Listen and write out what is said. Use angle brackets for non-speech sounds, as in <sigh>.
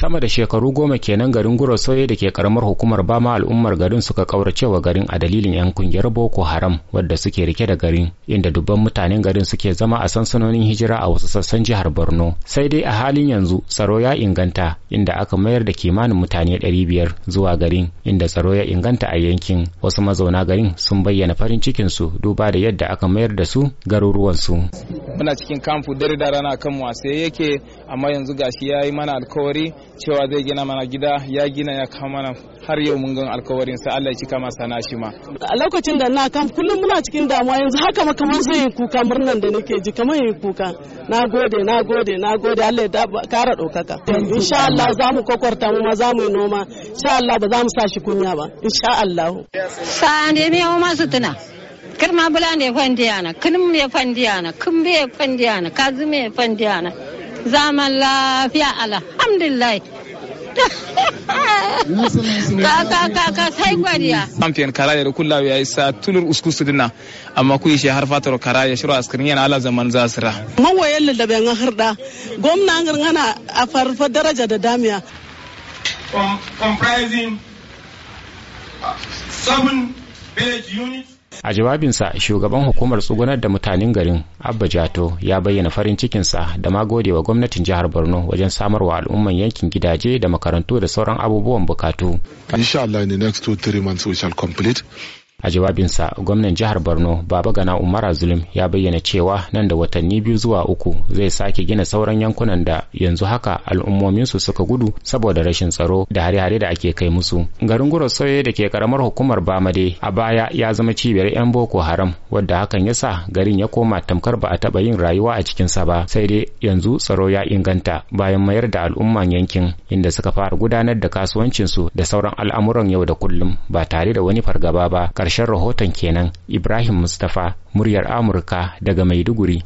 sama da shekaru goma kenan garin guro soye da ke karamar hukumar bama al'ummar garin suka kauracewa garin a dalilin yan kungiyar boko haram wadda suke rike da garin inda dubban mutanen garin suke zama a sansanonin hijira a wasu sassan jihar borno sai dai a halin yanzu tsaro ya inganta inda aka mayar da kimanin mutane 500 zuwa garin inda tsaro ya inganta a yankin wasu mazauna garin sun bayyana farin cikinsu duba da yadda aka mayar da su garuruwansu muna cikin kamfu dare da rana kan mu ya sai yake amma yanzu gashi ya yi mana alkawari cewa zai gina mana gida ya gina ya kama mana har yau mun gan alkawarin sa Allah ya cika masa na shi ma a lokacin da na kan kullum muna cikin damuwa yanzu haka ma kamar zai yi kuka murnan da nake ji kamar yi kuka na gode na gode na gode Allah ya kara dokaka insha Allah za mu kokwarta mu ma za mu yi noma insha Allah ba za mu sa shi kunya ba insha Allah sa'an da ya masu tuna kirma ne fandiyana kinme fandiyana kimbe fandiyana kazume fandiyana zaman lafiya alhamdulillah <laughs> ka sai gwariya champion karaya da kullawa ya isa tulur usku dina amma ku ishe har fatar karaya shiru askarin yana ala zaman zasira mawayen da bayan harda gwamna ngana a farfa daraja da damiya comprising uh, seven village units a jawabinsa shugaban hukumar tsugunar da mutanen garin abba jato ya bayyana farin cikinsa da ma gode wa gwamnatin jihar borno wajen samarwa al'umman yankin gidaje da makarantu da sauran abubuwan bukatu next two three months a jawabinsa gwamnan jihar borno baba gana umara zulum ya bayyana cewa nan da watanni biyu zuwa uku zai sake gina sauran yankunan da yanzu haka al'ummominsu suka gudu saboda rashin tsaro da hare-hare da ake kai musu garin soye da ke karamar hukumar bamade a baya ya zama cibiyar 'yan boko haram wadda hakan ya sa garin ya koma tamkar ba a taɓa yin rayuwa a cikinsa ba sai dai yanzu tsaro ya inganta bayan mayar da al'umman yankin inda suka fara gudanar da kasuwancinsu da sauran al'amuran yau da kullum ba tare da wani fargaba ba ƙarshen rahoton kenan Ibrahim Mustapha muryar Amurka daga Maiduguri.